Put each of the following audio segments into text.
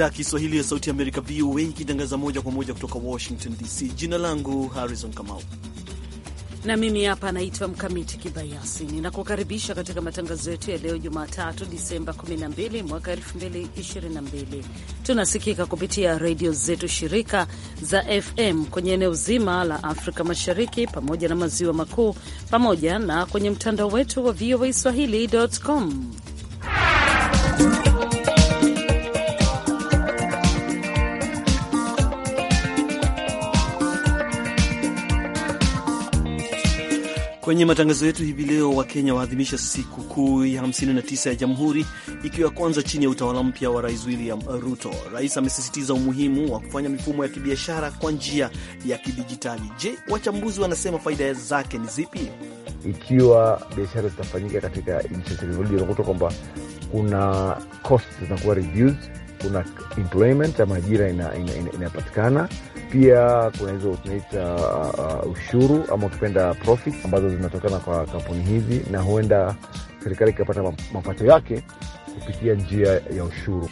idhaa ya Kiswahili ya Sauti Amerika, VOA, ikitangaza moja kwa moja kutoka Washington DC. Jina langu Harrison Kamau na mimi hapa naitwa Mkamiti Kibayasi, ninakukaribisha katika matangazo yetu ya leo Jumatatu, Disemba 12 mwaka 2022. Tunasikika kupitia redio zetu shirika za FM kwenye eneo zima la Afrika Mashariki pamoja na Maziwa Makuu, pamoja na kwenye mtandao wetu wa VOA swahili.com Kwenye matangazo yetu hivi leo, Wakenya waadhimisha siku kuu ya 59 ya Jamhuri, ikiwa kwanza chini ya utawala mpya wa Rais William Ruto. Rais amesisitiza umuhimu wa kufanya mifumo ya kibiashara kwa njia ya kidijitali. Je, wachambuzi wanasema faida zake ni zipi? Ikiwa biashara zitafanyika katika unakuta kwamba kuna cost zinakuwa reduced kuna employment ya majira inayopatikana pia kuna hizo tunaita uh, ushuru ama ukipenda profit ambazo zinatokana kwa kampuni hizi, na huenda serikali ikapata mapato yake kupitia njia ya ushuru.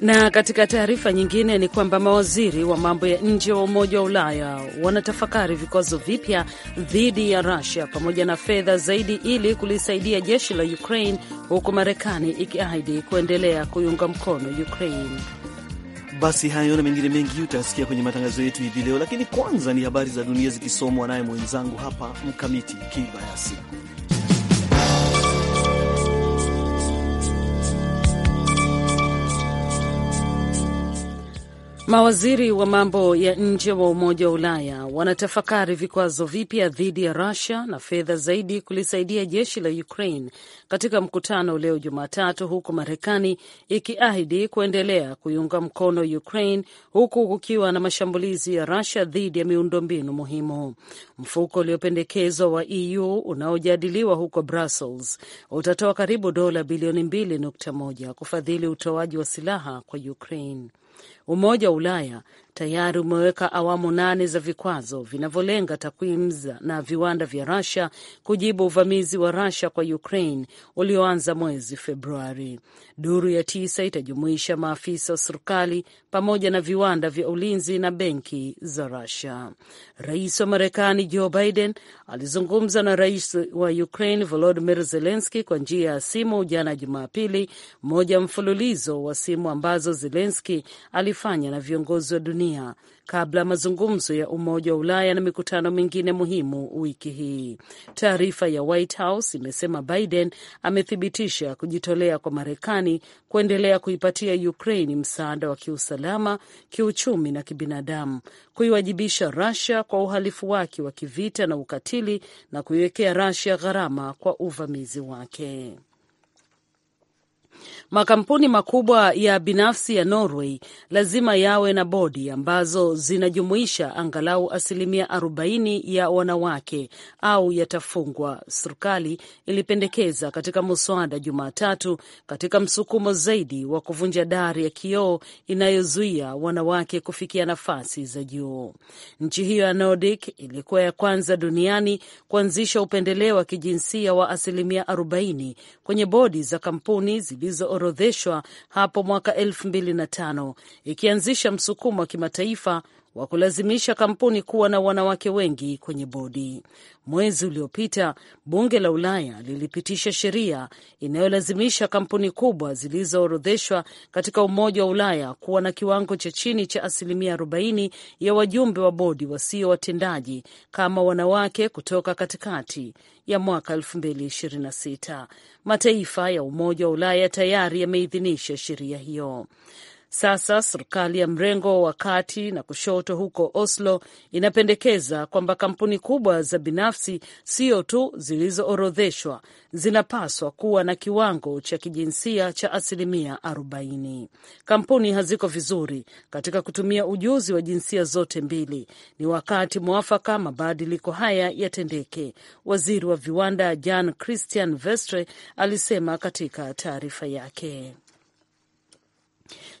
Na katika taarifa nyingine ni kwamba mawaziri wa mambo ya nje wa Umoja wa Ulaya wanatafakari vikwazo vipya dhidi ya Rusia pamoja na fedha zaidi ili kulisaidia jeshi la Ukraine, huku Marekani ikiahidi kuendelea kuiunga mkono Ukraine. Basi hayo na mengine mengi utasikia kwenye matangazo yetu hivi leo, lakini kwanza ni habari za dunia zikisomwa naye mwenzangu hapa Mkamiti Kibayasi. Mawaziri wa mambo ya nje wa Umoja wa Ulaya wanatafakari vikwazo vipya dhidi ya Rusia na fedha zaidi kulisaidia jeshi la Ukraine katika mkutano leo Jumatatu, huku Marekani ikiahidi kuendelea kuiunga mkono Ukraine huku kukiwa na mashambulizi ya Rusia dhidi ya miundombinu muhimu. Mfuko uliopendekezwa wa EU unaojadiliwa huko Brussels utatoa karibu dola bilioni 2.1 kufadhili utoaji wa silaha kwa Ukraine. Umoja wa Ulaya tayari umeweka awamu nane za vikwazo vinavyolenga takwimu na viwanda vya rusia kujibu uvamizi wa rusia kwa Ukraine ulioanza mwezi Februari. Duru ya tisa itajumuisha maafisa wa serikali pamoja na viwanda vya ulinzi na benki za rusia Rais wa Marekani Joe Biden alizungumza na rais wa Ukraine volodimir zelenski kwa njia ya simu jana Jumapili, mmoja mfululizo wa simu ambazo Zelenski alifanya na viongozi wa dunia dunia kabla mazungumzo ya Umoja wa Ulaya na mikutano mingine muhimu wiki hii. Taarifa ya White House imesema Biden amethibitisha kujitolea kwa Marekani kuendelea kuipatia Ukraine msaada wa kiusalama, kiuchumi na kibinadamu, kuiwajibisha Russia kwa uhalifu wake wa kivita na ukatili na kuiwekea Russia gharama kwa uvamizi wake. Makampuni makubwa ya binafsi ya Norway lazima yawe na bodi ambazo zinajumuisha angalau asilimia 40 ya wanawake au yatafungwa, serikali ilipendekeza katika muswada Jumatatu, katika msukumo zaidi wa kuvunja dari ya kioo inayozuia wanawake kufikia nafasi za juu. Nchi hiyo ya Nordic ilikuwa ya kwanza duniani kuanzisha upendeleo wa kijinsia wa asilimia 40 kwenye bodi za kampuni zili zilizoorodheshwa hapo mwaka elfu mbili na tano ikianzisha msukumo wa kimataifa wa kulazimisha kampuni kuwa na wanawake wengi kwenye bodi. Mwezi uliopita bunge la Ulaya lilipitisha sheria inayolazimisha kampuni kubwa zilizoorodheshwa katika Umoja wa Ulaya kuwa na kiwango cha chini cha asilimia 40 ya wajumbe wa bodi wasio watendaji kama wanawake kutoka katikati ya mwaka 2026. Mataifa ya Umoja wa Ulaya tayari yameidhinisha sheria hiyo. Sasa serikali ya mrengo wa kati na kushoto huko Oslo inapendekeza kwamba kampuni kubwa za binafsi sio tu zilizoorodheshwa zinapaswa kuwa na kiwango cha kijinsia cha asilimia 40. Kampuni haziko vizuri katika kutumia ujuzi wa jinsia zote mbili. Ni wakati mwafaka mabadiliko haya yatendeke, waziri wa viwanda Jan Christian Vestre alisema katika taarifa yake.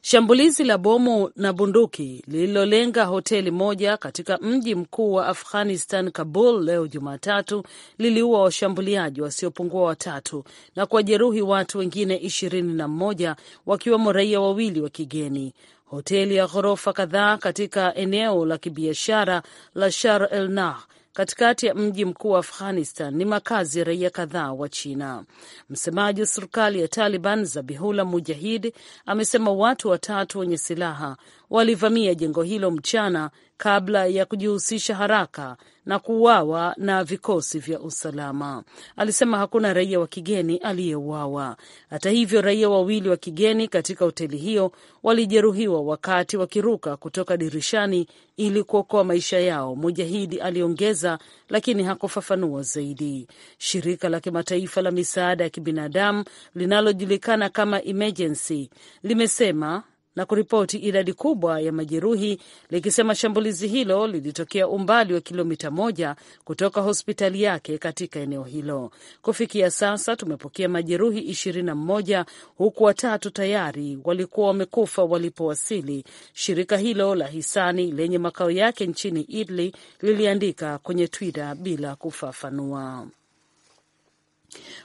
Shambulizi la bomu na bunduki lililolenga hoteli moja katika mji mkuu wa Afghanistan, Kabul, leo Jumatatu liliua washambuliaji wasiopungua watatu na kuwajeruhi watu wengine ishirini na mmoja wakiwemo raia wawili wa kigeni. Hoteli ya ghorofa kadhaa katika eneo la kibiashara la Shar el Nah katikati ya mji mkuu wa Afghanistan ni makazi ya raia kadhaa wa China. Msemaji wa serikali ya Taliban Zabihullah Mujahid amesema watu watatu wenye silaha walivamia jengo hilo mchana kabla ya kujihusisha haraka na kuuawa na vikosi vya usalama. Alisema hakuna raia wa kigeni aliyeuawa. Hata hivyo, raia wawili wa kigeni katika hoteli hiyo walijeruhiwa wakati wakiruka kutoka dirishani ili kuokoa maisha yao, Mujahidi aliongeza, lakini hakufafanua zaidi. Shirika la kimataifa la misaada ya kibinadamu linalojulikana kama Emergency limesema na kuripoti idadi kubwa ya majeruhi likisema shambulizi hilo lilitokea umbali wa kilomita moja kutoka hospitali yake katika eneo hilo. Kufikia sasa tumepokea majeruhi ishirini na mmoja huku watatu tayari walikuwa wamekufa walipowasili. Shirika hilo la hisani lenye makao yake nchini Italy liliandika kwenye Twitter bila kufafanua.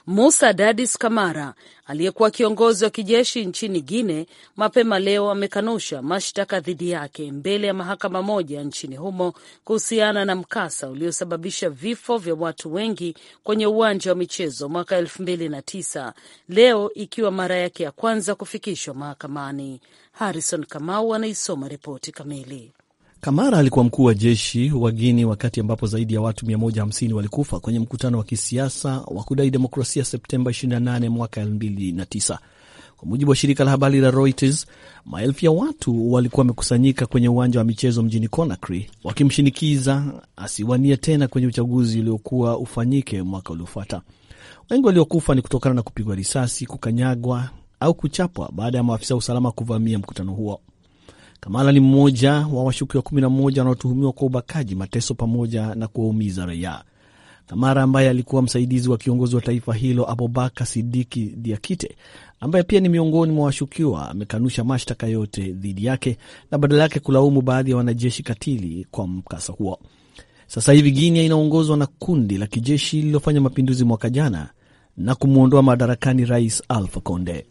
Musa Dadis Kamara aliyekuwa kiongozi wa kijeshi nchini guine mapema leo amekanusha mashtaka dhidi yake mbele ya mahakama moja nchini humo kuhusiana na mkasa uliosababisha vifo vya watu wengi kwenye uwanja wa michezo mwaka elfu mbili na tisa, leo ikiwa mara yake ya kwanza kufikishwa mahakamani. Harrison Kamau anaisoma ripoti kamili. Kamara alikuwa mkuu wa jeshi wa Guini wakati ambapo zaidi ya watu 150 walikufa kwenye mkutano wa kisiasa wa kudai demokrasia Septemba 28 mwaka 2009. Kwa mujibu wa shirika la habari la Reuters, maelfu ya watu walikuwa wamekusanyika kwenye uwanja wa michezo mjini Conakry wakimshinikiza asiwanie tena kwenye uchaguzi uliokuwa ufanyike mwaka uliofuata. Wengi waliokufa ni kutokana na kupigwa risasi, kukanyagwa au kuchapwa baada ya maafisa wa usalama kuvamia mkutano huo. Kamala ni mmoja wa washukiwa 11 wanaotuhumiwa kwa ubakaji, mateso pamoja na kuwaumiza raia. Kamara ambaye alikuwa msaidizi wa kiongozi wa taifa hilo Abubakar Sidiki Diakite, ambaye pia ni miongoni mwa washukiwa, amekanusha mashtaka yote dhidi yake na badala yake kulaumu baadhi ya wanajeshi katili kwa mkasa huo. Sasa hivi Guinea inaongozwa na kundi la kijeshi lililofanya mapinduzi mwaka jana na kumwondoa madarakani Rais Alpha Conde.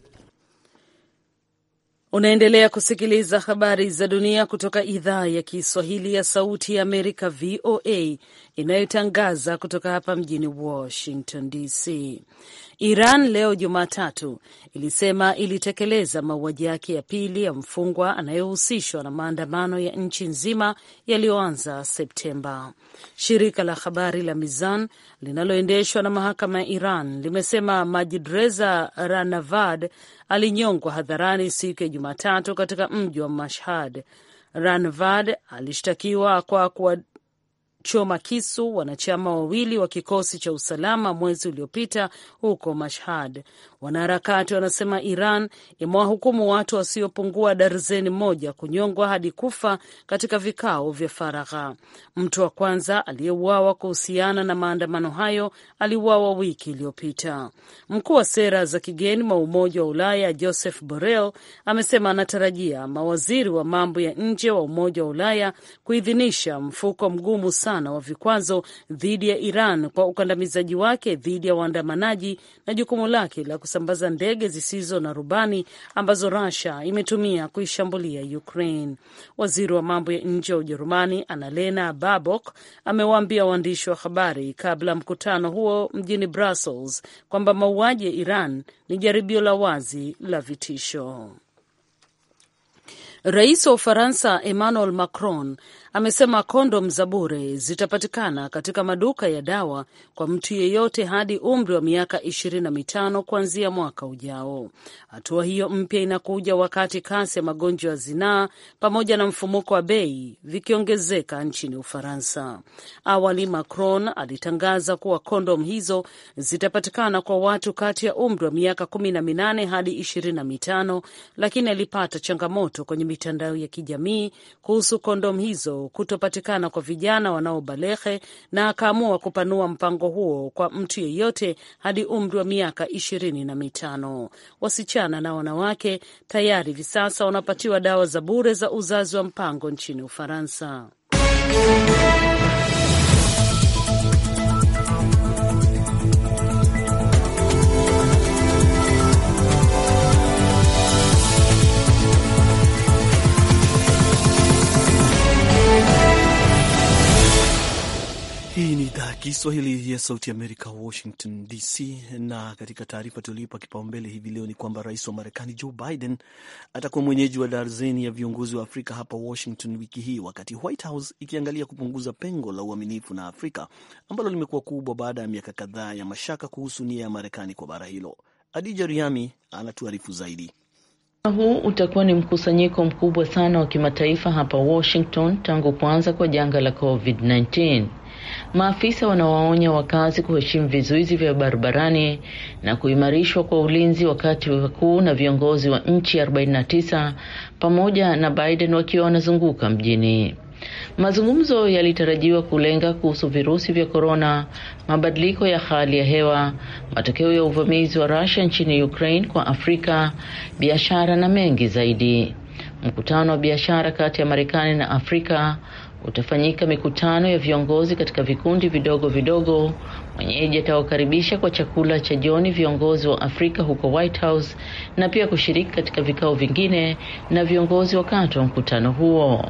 Unaendelea kusikiliza habari za dunia kutoka idhaa ya Kiswahili ya Sauti ya Amerika, VOA, inayotangaza kutoka hapa mjini Washington DC. Iran leo Jumatatu ilisema ilitekeleza mauaji yake ya pili ya mfungwa anayohusishwa na maandamano ya nchi nzima yaliyoanza Septemba. Shirika la habari la Mizan linaloendeshwa na mahakama ya Iran limesema Majidreza Ranavad alinyongwa hadharani siku ya Jumatatu katika mji wa Mashhad. Ranvad alishtakiwa kwa kuwa Choma kisu wanachama wawili wa kikosi cha usalama mwezi uliopita huko Mashhad. Wanaharakati wanasema Iran imewahukumu watu wasiopungua darzeni moja kunyongwa hadi kufa katika vikao vya faragha. Mtu wa kwanza aliyeuawa kuhusiana na maandamano hayo aliuawa wiki iliyopita. Mkuu wa sera za kigeni wa Umoja wa Ulaya Joseph Borrell amesema anatarajia mawaziri wa mambo ya nje wa Umoja wa Ulaya kuidhinisha mfuko mgumu sana sana wa vikwazo dhidi ya Iran kwa ukandamizaji wake dhidi ya waandamanaji na jukumu lake la kusambaza ndege zisizo na rubani ambazo Russia imetumia kuishambulia Ukraine. Waziri wa mambo ya nje wa Ujerumani Annalena Baerbock amewaambia waandishi wa habari kabla ya mkutano huo mjini Brussels kwamba mauaji ya Iran ni jaribio la wazi la vitisho. Rais wa Ufaransa Emmanuel Macron amesema kondom za bure zitapatikana katika maduka ya dawa kwa mtu yeyote hadi umri wa miaka ishirini na mitano kuanzia mwaka ujao. Hatua hiyo mpya inakuja wakati kasi ya magonjwa ya zinaa pamoja na mfumuko wa bei vikiongezeka nchini Ufaransa. Awali Macron alitangaza kuwa kondom hizo zitapatikana kwa watu kati ya umri wa miaka kumi na minane hadi ishirini na mitano, lakini alipata changamoto kwenye mitandao ya kijamii kuhusu kondom hizo kutopatikana kwa vijana wanaobalehe na akaamua kupanua mpango huo kwa mtu yeyote hadi umri wa miaka ishirini na mitano. Wasichana na wanawake tayari hivi sasa wanapatiwa dawa za bure za uzazi wa mpango nchini Ufaransa. ya Kiswahili ya Sauti Amerika, Washington DC. Na katika taarifa tuliyoipa kipaumbele hivi leo ni kwamba rais wa Marekani Joe Biden atakuwa mwenyeji wa darzeni ya viongozi wa Afrika hapa Washington wiki hii, wakati White House ikiangalia kupunguza pengo la uaminifu na Afrika ambalo limekuwa kubwa baada ya miaka kadhaa ya mashaka kuhusu nia ya Marekani kwa bara hilo. Adija Riami anatuarifu zaidi. Huu utakuwa ni mkusanyiko mkubwa sana wa kimataifa hapa Washington tangu kuanza kwa janga la COVID-19. Maafisa wanawaonya wakazi kuheshimu vizuizi vya barabarani na kuimarishwa kwa ulinzi, wakati wakuu na viongozi wa nchi 49 pamoja na Biden wakiwa wanazunguka mjini. Mazungumzo yalitarajiwa kulenga kuhusu virusi vya korona, mabadiliko ya hali ya hewa, matokeo ya uvamizi wa Russia nchini Ukraine kwa Afrika, biashara na mengi zaidi. Mkutano wa biashara kati ya Marekani na Afrika utafanyika mikutano ya viongozi katika vikundi vidogo vidogo mwenyeji atawakaribisha kwa chakula cha jioni viongozi wa Afrika huko White House na pia kushiriki katika vikao vingine na viongozi wakati wa mkutano huo.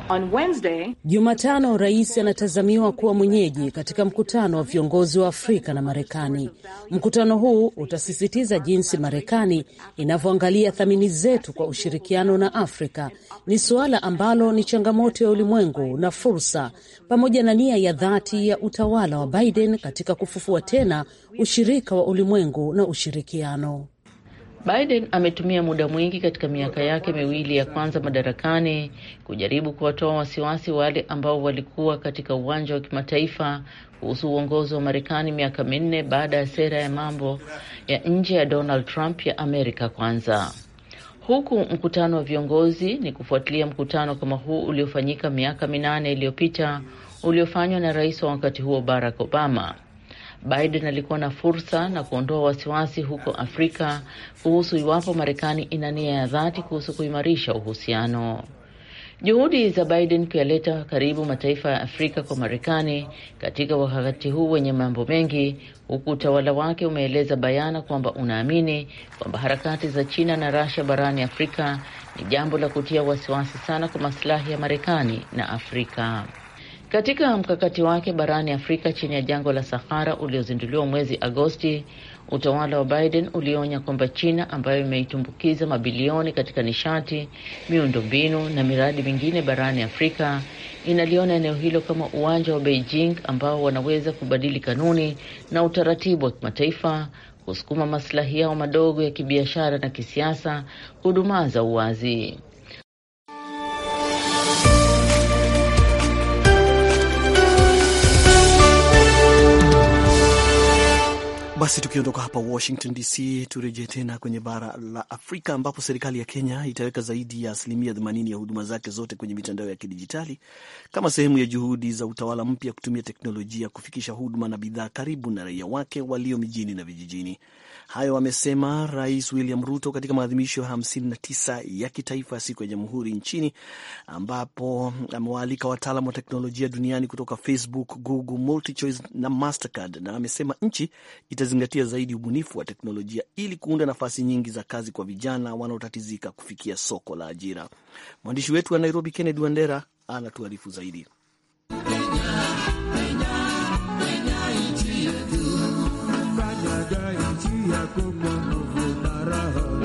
Jumatano, rais anatazamiwa kuwa mwenyeji katika mkutano wa viongozi wa Afrika na Marekani. Mkutano huu utasisitiza jinsi Marekani inavyoangalia thamini zetu kwa ushirikiano na Afrika. Ni suala ambalo ni changamoto ya ulimwengu na fursa, pamoja na nia ya dhati ya utawala wa Biden katika kufufua kufufua tena ushirika wa ulimwengu na ushirikiano. Biden ametumia muda mwingi katika miaka yake miwili ya kwanza madarakani kujaribu kuwatoa wasiwasi wale ambao walikuwa katika uwanja wa kimataifa kuhusu uongozi wa Marekani miaka minne baada ya sera ya mambo ya nje ya Donald Trump ya Amerika Kwanza. Huku mkutano wa viongozi ni kufuatilia mkutano kama huu uliofanyika miaka minane iliyopita uliofanywa na rais wa wakati huo Barack Obama Biden alikuwa na fursa na kuondoa wasiwasi huko Afrika kuhusu iwapo Marekani ina nia ya dhati kuhusu kuimarisha uhusiano. Juhudi za Biden kuyaleta karibu mataifa ya Afrika kwa Marekani katika wakati huu wenye mambo mengi, huku utawala wake umeeleza bayana kwamba unaamini kwamba harakati za China na Russia barani Afrika ni jambo la kutia wasiwasi sana kwa masilahi ya Marekani na Afrika katika mkakati wake barani Afrika chini ya jangwa la Sahara uliozinduliwa mwezi Agosti. Utawala wa Biden ulionya kwamba China ambayo imeitumbukiza mabilioni katika nishati, miundombinu na miradi mingine barani Afrika inaliona eneo hilo kama uwanja wa Beijing ambao wanaweza kubadili kanuni na utaratibu wa kimataifa kusukuma maslahi yao madogo ya kibiashara na kisiasa, kudumaza uwazi. Basi tukiondoka hapa Washington DC, turejee tena kwenye bara la Afrika ambapo serikali ya Kenya itaweka zaidi ya asilimia 80 ya huduma zake zote kwenye mitandao ya kidijitali kama sehemu ya juhudi za utawala mpya kutumia teknolojia kufikisha huduma na bidhaa karibu na raia wake walio mijini na vijijini. Hayo amesema Rais William Ruto katika maadhimisho ya 59 ya kitaifa ya siku ya Jamhuri nchini, ambapo amewaalika wataalam wa teknolojia duniani kutoka Facebook, Google, MultiChoice na Mastercard, na amesema nchi itazingatia zaidi ubunifu wa teknolojia ili kuunda nafasi nyingi za kazi kwa vijana wanaotatizika kufikia soko la ajira. Mwandishi wetu wa Nairobi, Kennedy Wandera, anatuarifu zaidi.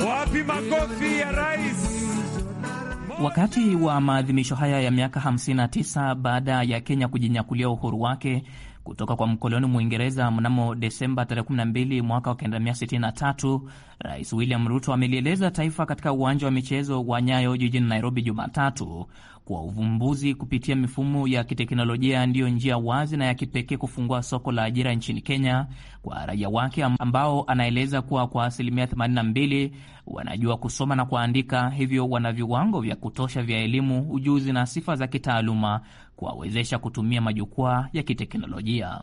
Wapi makofi ya rais? Wakati wa maadhimisho haya ya miaka 59 baada ya Kenya kujinyakulia uhuru wake, kutoka kwa mkoloni Mwingereza mnamo Desemba 12 mwaka wa 1963, Rais William Ruto amelieleza taifa katika uwanja wa michezo wa Nyayo jijini Nairobi Jumatatu kwa uvumbuzi kupitia mifumo ya kiteknolojia ndiyo njia wazi na ya kipekee kufungua soko la ajira nchini Kenya kwa raia wake ambao anaeleza kuwa kwa asilimia 82 wanajua kusoma na kuandika, hivyo wana viwango vya kutosha vya elimu, ujuzi na sifa za kitaaluma kuwawezesha kutumia majukwaa ya kiteknolojia.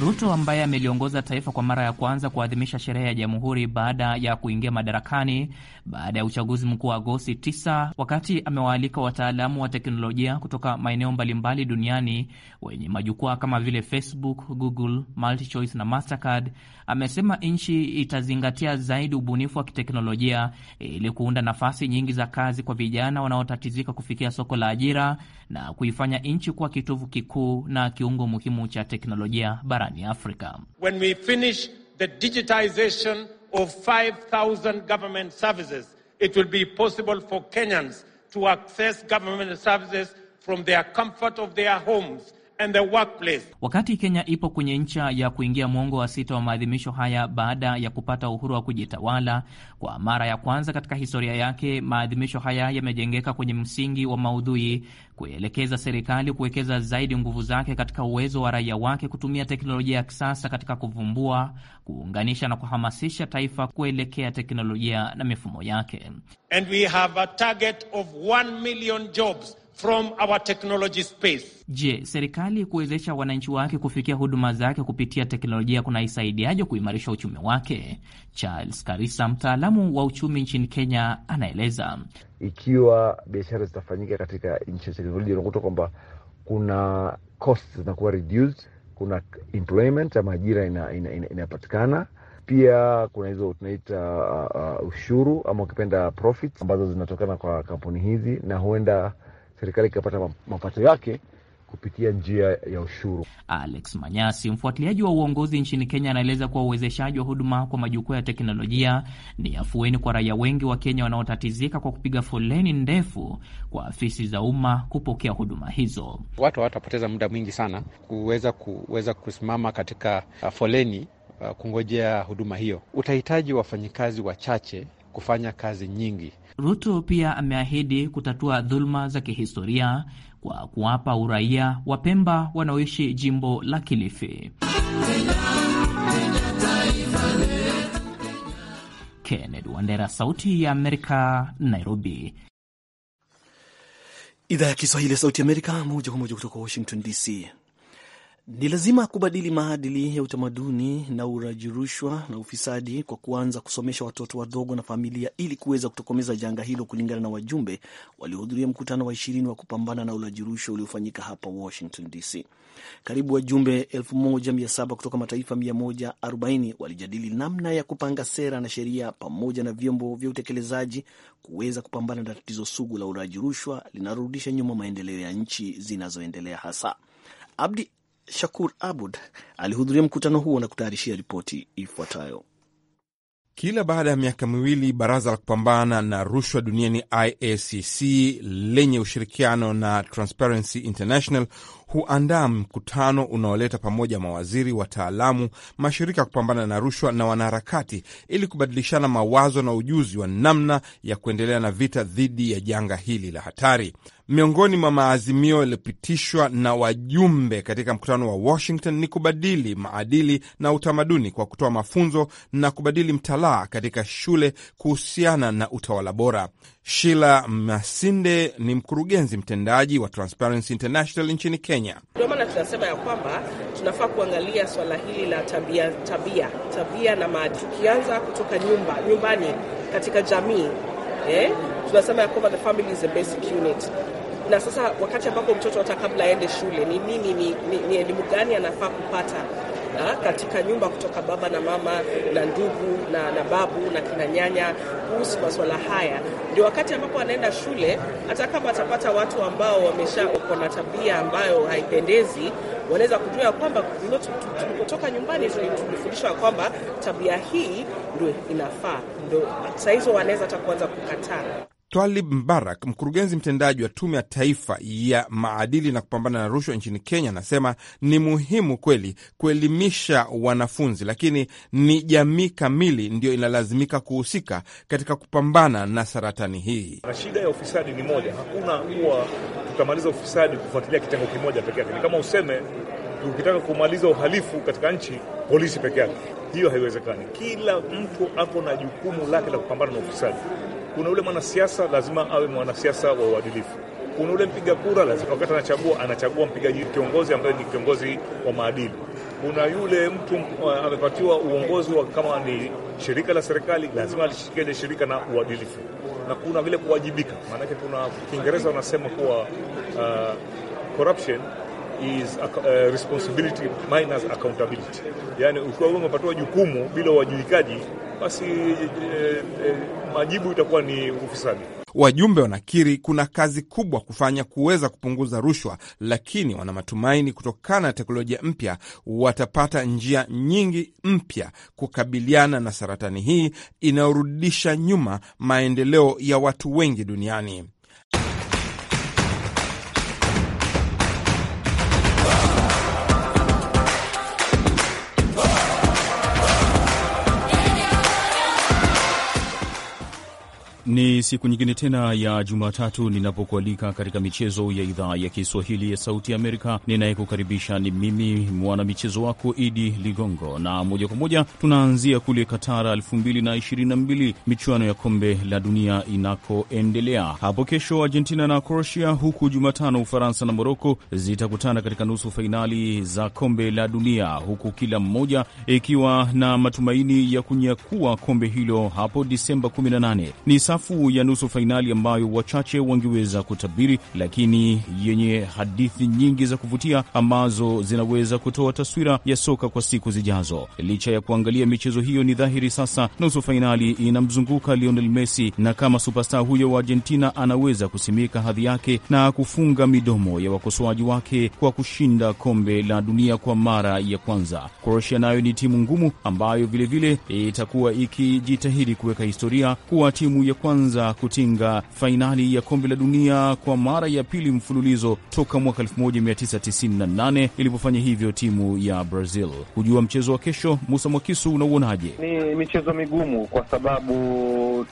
Ruto ambaye ameliongoza taifa kwa mara ya kwanza kuadhimisha sherehe ya Jamhuri baada ya kuingia madarakani baada ya uchaguzi mkuu wa Agosti 9, wakati amewaalika wataalamu wa teknolojia kutoka maeneo mbalimbali duniani wenye majukwaa kama vile Facebook, Google, MultiChoice na Mastercard, amesema nchi itazingatia zaidi ubunifu wa kiteknolojia ili kuunda nafasi nyingi za kazi kwa vijana wanaotatizika kufikia soko la ajira na kuifanya nchi kuwa kitovu kikuu na kiungo muhimu cha teknolojia barani barani Afrika. When we finish the digitization of 5000 government services, it will be possible for Kenyans to access government services from their comfort of their homes. and the workplace. Wakati Kenya ipo kwenye ncha ya kuingia mwongo wa sita wa maadhimisho haya baada ya kupata uhuru wa kujitawala kwa mara ya kwanza katika historia yake, maadhimisho haya yamejengeka kwenye msingi wa maudhui kuelekeza serikali kuwekeza zaidi nguvu zake katika uwezo wa raia wake kutumia teknolojia ya kisasa katika kuvumbua, kuunganisha na kuhamasisha taifa kuelekea teknolojia na mifumo yake. And we have a target of 1 million jobs from our technology space. Je, serikali kuwezesha wananchi wake kufikia huduma zake kupitia teknolojia kunaisaidiaje kuimarisha uchumi wake? Charles Karisa, mtaalamu wa uchumi nchini Kenya, anaeleza. Ikiwa biashara zitafanyika katika nchi ya teknolojia, unakuta kwamba kuna cost zinakuwa reduced, kuna employment ama ajira inapatikana, pia kuna hizo tunaita uh, uh, ushuru ama ukipenda profits ambazo zinatokana kwa kampuni hizi na huenda serikali ikapata mapato yake kupitia njia ya ushuru. Alex Manyasi, mfuatiliaji wa uongozi nchini Kenya, anaeleza kuwa uwezeshaji wa huduma kwa majukwaa ya teknolojia ni afueni kwa raia wengi wa Kenya wanaotatizika kwa kupiga foleni ndefu kwa afisi za umma kupokea huduma hizo. Watu hawatapoteza muda mwingi sana kuweza kuweza kusimama katika uh, foleni uh, kungojea huduma hiyo. Utahitaji wafanyikazi wachache kufanya kazi nyingi Ruto pia ameahidi kutatua dhuluma za kihistoria kwa kuwapa uraia wa Pemba wanaoishi jimbo la Kilifi. Kennedy Wandera, Sauti ya Amerika, Nairobi. Idhaa ya Kiswahili ya Sauti Amerika, moja kwa moja kutoka Washington DC. Ni lazima kubadili maadili ya utamaduni na uraji rushwa na ufisadi kwa kuanza kusomesha watoto wadogo na familia ili kuweza kutokomeza janga hilo, kulingana na wajumbe waliohudhuria mkutano wa ishirini wa kupambana na ulaji rushwa uliofanyika hapa Washington DC. Karibu wajumbe 1700 kutoka mataifa 140 walijadili namna ya kupanga sera na sheria pamoja na vyombo vya utekelezaji kuweza kupambana na tatizo sugu la uraji rushwa linalorudisha nyuma maendeleo ya nchi zinazoendelea hasa Abdi Shakur Abud alihudhuria mkutano huo na kutayarishia ripoti ifuatayo. Kila baada ya miaka miwili baraza la kupambana na rushwa duniani IACC lenye ushirikiano na Transparency International huandaa mkutano unaoleta pamoja mawaziri, wataalamu, mashirika ya kupambana na rushwa na wanaharakati ili kubadilishana mawazo na ujuzi wa namna ya kuendelea na vita dhidi ya janga hili la hatari. Miongoni mwa maazimio yaliyopitishwa na wajumbe katika mkutano wa Washington ni kubadili maadili na utamaduni kwa kutoa mafunzo na kubadili mtalaa katika shule kuhusiana na utawala bora. shila Masinde ni mkurugenzi mtendaji wa Transparency International nchini Kenya. Kenya. Ndio maana tunasema ya kwamba tunafaa kuangalia swala hili la tabia tabia tabia na maadili, tukianza kutoka nyumba nyumbani, katika jamii eh, tunasema ya kwamba the family is the basic unit na sasa wakati ambapo mtoto hata kabla aende shule, ni nini, ni elimu gani anafaa kupata ha, eh, katika nyumba kutoka baba na mama na ndugu na, na babu na kina nyanya kuhusu masuala haya. Ndio wakati ambapo anaenda shule, hata kama atapata watu ambao wamesha uko na tabia ambayo haipendezi wanaweza kujua ya kwamba tulipotoka nyumbani tulifundishwa kwamba tabia hii ndio inafaa, ndio saa hizo wanaweza hata kuanza kukataa. Twalib Mbarak, mkurugenzi mtendaji wa Tume ya Taifa ya Maadili na Kupambana na Rushwa nchini Kenya, anasema ni muhimu kweli kuelimisha wanafunzi, lakini ni jamii kamili ndiyo inalazimika kuhusika katika kupambana na saratani hii. Na shida ya ufisadi ni moja, hakuna kuwa tutamaliza ufisadi kufuatilia kitengo kimoja peke yake. Ni kama useme ukitaka kumaliza uhalifu katika nchi, polisi peke yake, hiyo haiwezekani. Kila mtu ako na jukumu lake la kupambana na ufisadi. Kuna ule mwanasiasa lazima awe mwanasiasa wa uadilifu. Kuna ule mpiga kura lazima, wakati anachagua, anachagua mpigaji kiongozi ambaye ni kiongozi wa maadili. Kuna yule mtu uh, amepatiwa uongozi wa kama ni shirika la serikali, lazima alishikia ile shirika na uadilifu, na kuna vile kuwajibika. Maanake kuna Kiingereza wanasema kuwa uh, corruption is uh, responsibility minus accountability, yani ukiwa umepatiwa jukumu bila uwajibikaji basi e, e, majibu itakuwa ni ufisadi. Wajumbe wanakiri kuna kazi kubwa kufanya kuweza kupunguza rushwa, lakini wana matumaini kutokana na teknolojia mpya watapata njia nyingi mpya kukabiliana na saratani hii inayorudisha nyuma maendeleo ya watu wengi duniani. Ni siku nyingine tena ya Jumatatu ninapokualika katika michezo ya idhaa ya Kiswahili ya Sauti Amerika. Ninayekukaribisha ni mimi mwanamichezo wako Idi Ligongo, na moja kwa moja tunaanzia kule Katara 2022 michuano ya kombe la dunia inakoendelea hapo kesho, Argentina na Croatia, huku Jumatano Ufaransa na Moroko zitakutana katika nusu fainali za kombe la dunia, huku kila mmoja ikiwa na matumaini ya kunyakua kombe hilo hapo Disemba 18. Ni safu ya nusu fainali ambayo wachache wangeweza kutabiri, lakini yenye hadithi nyingi za kuvutia ambazo zinaweza kutoa taswira ya soka kwa siku zijazo. Licha ya kuangalia michezo hiyo, ni dhahiri sasa nusu fainali inamzunguka Lionel Messi, na kama superstar huyo wa Argentina anaweza kusimika hadhi yake na kufunga midomo ya wakosoaji wake kwa kushinda kombe la dunia kwa mara ya kwanza. Croatia nayo ni timu ngumu ambayo vilevile itakuwa ikijitahidi kuweka historia kuwa timu ya kwanza kwanza kutinga fainali ya kombe la dunia kwa mara ya pili mfululizo toka mwaka 1998 ilipofanya hivyo timu ya Brazil. Kujua mchezo wa kesho, Musa Mwakisu, unauonaje? Ni michezo migumu kwa sababu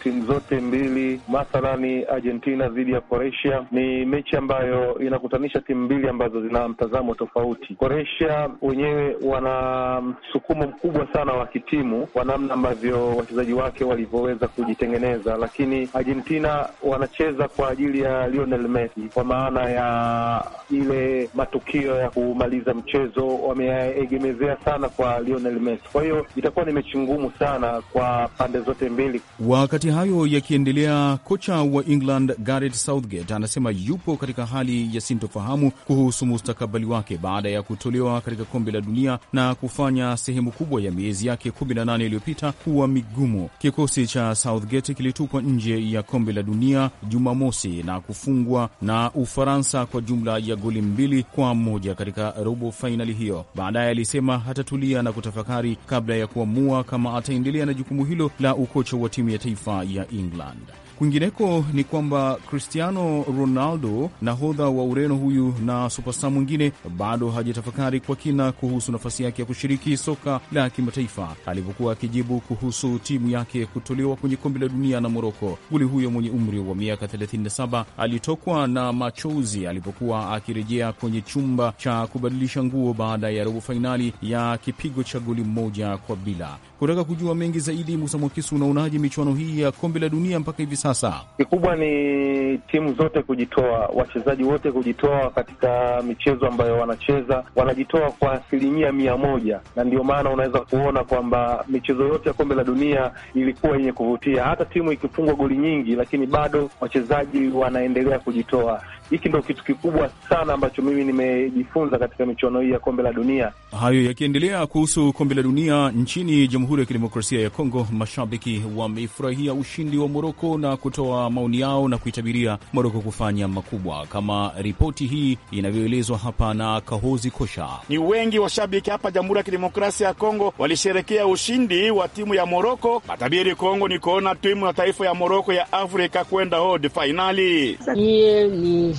timu zote mbili, mathalani Argentina dhidi ya Croatia, ni mechi ambayo inakutanisha timu mbili ambazo zina mtazamo tofauti. Croatia wenyewe wana msukumo mkubwa sana wa kitimu kwa namna ambavyo wachezaji wake walivyoweza kujitengeneza, lakini lakini Argentina wanacheza kwa ajili ya Lionel Messi, kwa maana ya ile matukio ya kumaliza mchezo wameegemezea sana kwa Lionel Messi. Kwa hiyo itakuwa ni mechi ngumu sana kwa pande zote mbili. Wakati hayo yakiendelea, kocha wa England Gareth Southgate anasema yupo katika hali ya sintofahamu kuhusu mustakabali wake baada ya kutolewa katika kombe la dunia na kufanya sehemu kubwa ya miezi yake 18 iliyopita kuwa migumu. Kikosi cha Southgate kilitupwa nje ya kombe la dunia Jumamosi na kufungwa na Ufaransa kwa jumla ya goli mbili kwa moja katika robo fainali hiyo. Baadaye alisema hatatulia na kutafakari kabla ya kuamua kama ataendelea na jukumu hilo la ukocha wa timu ya taifa ya England. Kwingineko ni kwamba Cristiano Ronaldo, nahodha wa Ureno huyu na superstar mwingine, bado hajatafakari kwa kina kuhusu nafasi yake ya kushiriki soka la kimataifa alipokuwa akijibu kuhusu timu yake kutolewa kwenye kombe la dunia na Moroko. Goli huyo mwenye umri wa miaka 37 alitokwa na machozi alipokuwa akirejea kwenye chumba cha kubadilisha nguo baada ya robo fainali ya kipigo cha goli moja kwa bila. Kutaka kujua mengi zaidi, Musa Mwakisu, unaonaje michuano hii ya kombe la dunia mpaka hivi sasa? sasa? Kikubwa ni timu zote kujitoa, wachezaji wote kujitoa katika michezo ambayo wanacheza, wanajitoa kwa asilimia mia moja, na ndio maana unaweza kuona kwamba michezo yote ya kombe la dunia ilikuwa yenye kuvutia. Hata timu ikifungwa goli nyingi, lakini bado wachezaji wanaendelea kujitoa hiki ndo kitu kikubwa sana ambacho mimi nimejifunza katika michuano hii ya kombe la dunia. Hayo yakiendelea kuhusu kombe la dunia nchini Jamhuri ya Kidemokrasia ya Kongo, mashabiki wamefurahia ushindi wa Moroko na kutoa maoni yao na kuitabiria Moroko kufanya makubwa, kama ripoti hii inavyoelezwa hapa na Kahozi Kosha. Ni wengi washabiki hapa Jamhuri ya Kidemokrasia ya Kongo walisherekea ushindi wa timu ya Moroko. Matabiri Kongo ni kuona timu ya taifa ya Moroko ya Afrika kwenda hodi fainali.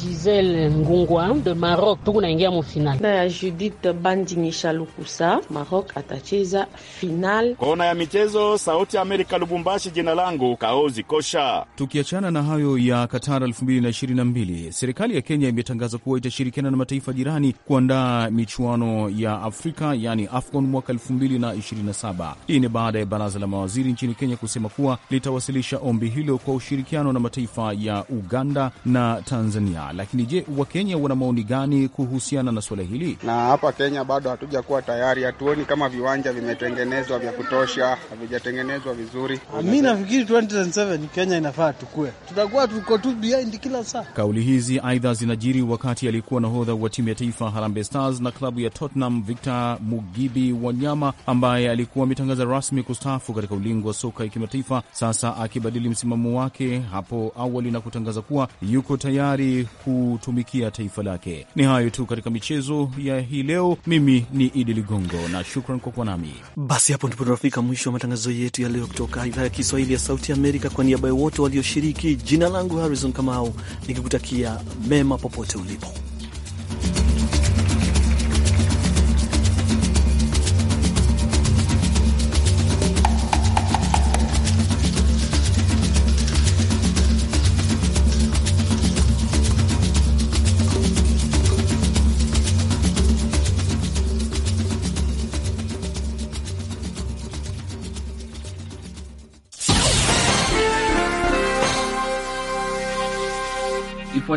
Giselle Ngungwa de Maroc tuku naingia mu final na ya Judith Bandinisha Lukusa Maroc atacheza final. Kona ya michezo, Sauti ya Amerika, Lubumbashi. Jina langu Kaozi Kosha. Tukiachana na hayo ya Qatar 2022, serikali ya Kenya imetangaza kuwa itashirikiana na mataifa jirani kuandaa michuano ya Afrika yani AFCON mwaka 2027. Hii ni baada ya baraza la mawaziri nchini Kenya kusema kuwa litawasilisha ombi hilo kwa ushirikiano na mataifa ya Uganda na Tanzania lakini je, Wakenya wana maoni gani kuhusiana na suala hili? Na hapa Kenya bado hatujakuwa tayari, hatuoni kama viwanja vimetengenezwa vya kutosha, havijatengenezwa vizuri. Mi nafikiri 2027 Kenya inafaa tukue, tutakuwa tuko tu behind kila saa. Kauli hizi aidha zinajiri wakati aliyekuwa nahodha wa timu ya taifa Harambee Stars na klabu ya Tottenham Victor Mugibi Wanyama ambaye alikuwa ametangaza rasmi kustaafu katika ulingo wa soka ya kimataifa, sasa akibadili msimamo wake hapo awali na kutangaza kuwa yuko tayari kutumikia taifa lake. Ni hayo tu katika michezo ya hii leo. Mimi ni Idi Ligongo na shukran kwa kuwa nami. Basi hapo ndipo tunafika mwisho wa matangazo yetu ya leo kutoka idhaa ya Kiswahili ya Sauti Amerika. Kwa niaba ya wote walioshiriki, jina langu Harrison Kamau nikikutakia mema popote ulipo.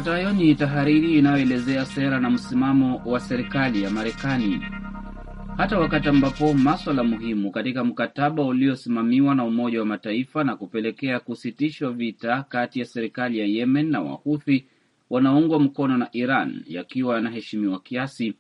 Ifuatayo ni tahariri inayoelezea sera na msimamo wa serikali ya Marekani. Hata wakati ambapo maswala muhimu katika mkataba uliosimamiwa na Umoja wa Mataifa na kupelekea kusitishwa vita kati ya serikali ya Yemen na Wahuthi wanaoungwa mkono na Iran yakiwa yanaheshimiwa kiasi,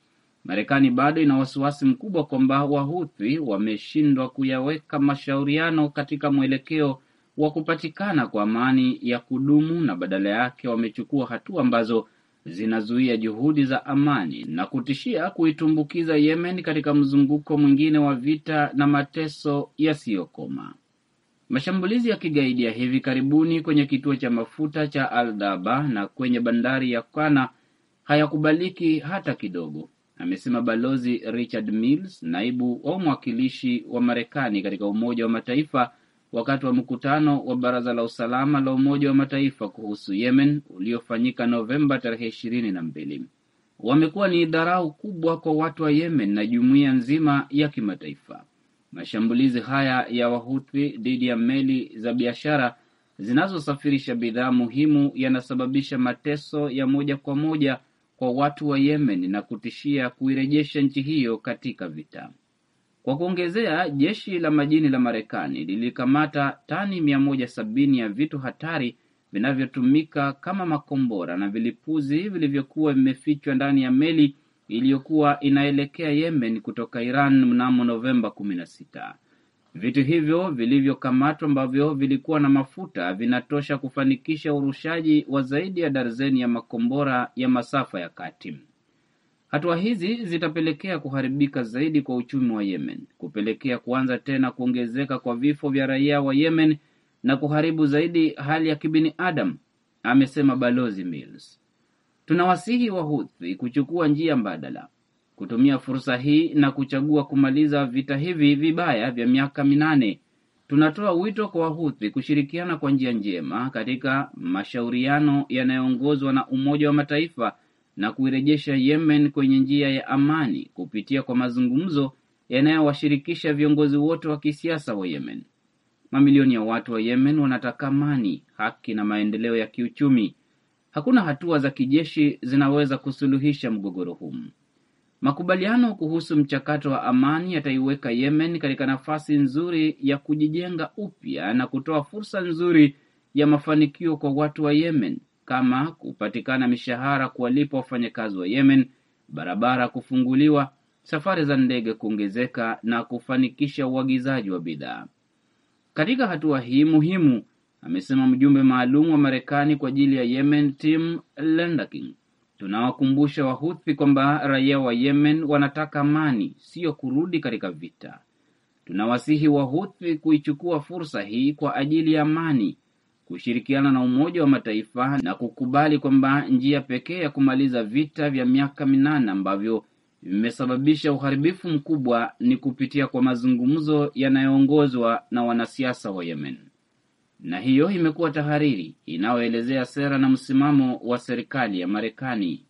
Marekani bado ina wasiwasi mkubwa kwamba Wahuthi wameshindwa kuyaweka mashauriano katika mwelekeo wa kupatikana kwa amani ya kudumu na badala yake wamechukua hatua ambazo zinazuia juhudi za amani na kutishia kuitumbukiza Yemen katika mzunguko mwingine wa vita na mateso yasiyokoma. Mashambulizi ya kigaidi ya hivi karibuni kwenye kituo cha mafuta cha Aldaba na kwenye bandari ya Kana hayakubaliki hata kidogo, amesema Balozi Richard Mills, naibu wa mwakilishi wa Marekani katika Umoja wa Mataifa wakati wa mkutano wa Baraza la Usalama la Umoja wa Mataifa kuhusu Yemen uliofanyika Novemba tarehe ishirini na mbili. Wamekuwa ni dharau kubwa kwa watu wa Yemen na jumuiya nzima ya kimataifa. Mashambulizi haya ya Wahuthi dhidi ya meli za biashara zinazosafirisha bidhaa muhimu yanasababisha mateso ya moja kwa moja kwa watu wa Yemen na kutishia kuirejesha nchi hiyo katika vita. Kwa kuongezea, jeshi la majini la Marekani lilikamata tani mia moja sabini ya vitu hatari vinavyotumika kama makombora na vilipuzi vilivyokuwa vimefichwa ndani ya meli iliyokuwa inaelekea Yemen kutoka Iran mnamo Novemba kumi na sita. Vitu hivyo vilivyokamatwa ambavyo vilikuwa na mafuta vinatosha kufanikisha urushaji wa zaidi ya darzeni ya makombora ya masafa ya kati. Hatua hizi zitapelekea kuharibika zaidi kwa uchumi wa Yemen, kupelekea kuanza tena kuongezeka kwa vifo vya raia wa Yemen na kuharibu zaidi hali ya kibinadamu, amesema Balozi Mills. Tunawasihi Wahuthi kuchukua njia mbadala, kutumia fursa hii na kuchagua kumaliza vita hivi vibaya vya miaka minane. Tunatoa wito kwa Wahuthi kushirikiana kwa njia njema katika mashauriano yanayoongozwa na Umoja wa Mataifa na kuirejesha Yemen kwenye njia ya amani kupitia kwa mazungumzo yanayowashirikisha viongozi wote wa kisiasa wa Yemen. Mamilioni ya watu wa Yemen wanataka amani, haki na maendeleo ya kiuchumi. Hakuna hatua za kijeshi zinaweza kusuluhisha mgogoro huu. Makubaliano kuhusu mchakato wa amani yataiweka Yemen katika nafasi nzuri ya kujijenga upya na kutoa fursa nzuri ya mafanikio kwa watu wa Yemen kama kupatikana mishahara kuwalipa wafanyakazi wa Yemen, barabara kufunguliwa, safari za ndege kuongezeka na kufanikisha uagizaji wa bidhaa. Katika hatua hii muhimu, amesema mjumbe maalum wa Marekani kwa ajili ya Yemen Tim Lenderking, tunawakumbusha Wahuthi kwamba raia wa Yemen wanataka amani, siyo kurudi katika vita. Tunawasihi Wahuthi kuichukua fursa hii kwa ajili ya amani kushirikiana na Umoja wa Mataifa na kukubali kwamba njia pekee ya kumaliza vita vya miaka minane ambavyo vimesababisha uharibifu mkubwa ni kupitia kwa mazungumzo yanayoongozwa na wanasiasa wa Yemen. Na hiyo imekuwa tahariri inayoelezea sera na msimamo wa serikali ya Marekani.